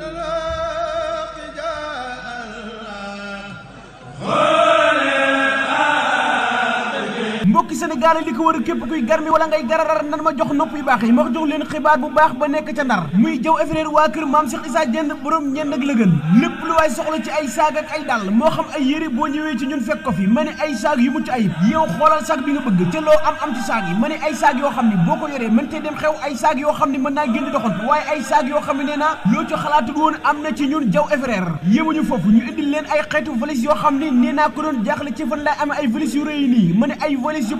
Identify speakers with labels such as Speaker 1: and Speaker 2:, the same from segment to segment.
Speaker 1: la la mbokki Sénégal li ko war a képp kuy garmi wala ngay gararar nan ma jox nopp yu baax nekk ca ndar muy jëw affaire ay saag ak moo xam ay yére boo ñëwee ci ñun fekk ko fi ma ay saag yu yow xoolal saag bi nga bëgg ca loo am am ci saag yi ay saag yoo xam ne boo ko yoree mën tee dem xew ay saag yoo xam ne mën naa génn doxantu waaye ay saag yoo xam ne nee naa loo ci na ci ñun jaw affaire yémuñu foofu ñu indil leen ay xeetu valise yoo xam ne nee naa ko doon jaaxle ci fan lay ay valise yu rëy nii ma ay valise yu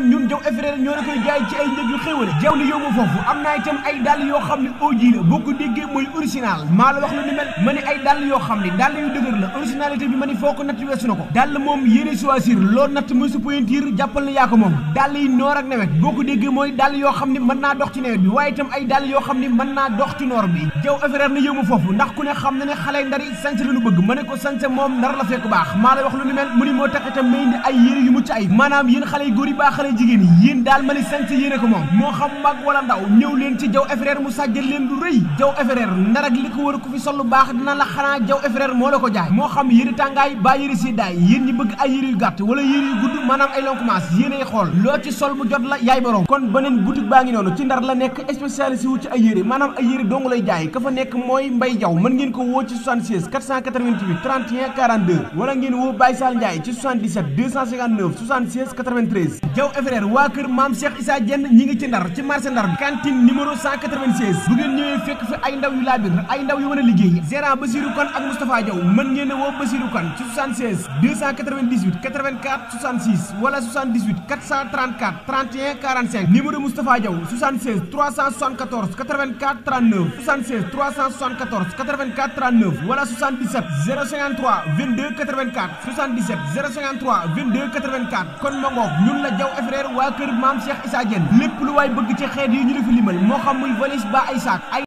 Speaker 1: maanaam ñun jaw frère ñoo la koy jaay ci ay njëg yu xéwale jaw li yóbbu foofu am naa itam ay dàll yoo xam ne aujii maa la wax lu ni mel ma ne ay dàll yoo ne ay dàll yoo xam ci ay maanaam yéen xale yu góor yi baax xale xale jigéen yi yéen daal ma ni sañse yéen a ko moom moo xam mag wala ndaw ñëw leen ci jaw frère mu sàjjal leen lu rëy jaw frère ndar ak li ko wër ku fi sol lu baax dina la xanaa jaw frère moo la ko jaay moo xam yëri tàngaay baa yëri si daay yéen ñi bëgg ay yëri yu gàtt wala yëri yu gudd maanaam ay lonkumaas ay xool loo ci sol mu jot la yaay borom kon beneen boutique baa ngi noonu ci ndar la nekk spécialisé ci ay yëri maanaam ay yëri dong jaay février waa kër maam Cheikh Issa Diène ñi ngi ci ndar ci marché ndar bi cantine numéro 196 bu ngeen ñëwee fekk fi ay ndaw yu laabir ay ndaw yu mën liggéey gérant Basirou Kane ak Moustapha Diaw mën ngeen a woo Basirou ci 76 298 84 66 wala 78 434 31 45 numéro Moustapha Diaw 76 374 84 39 76 374 84 39 wala 77 053 22 84 77 053 22 84 kon ñun la Diaw et frère waa kër maam Cheikh Issa Diène lépp lu waay bëgg ci xeet yi ñu la fi limal moo xam muy valise ba ay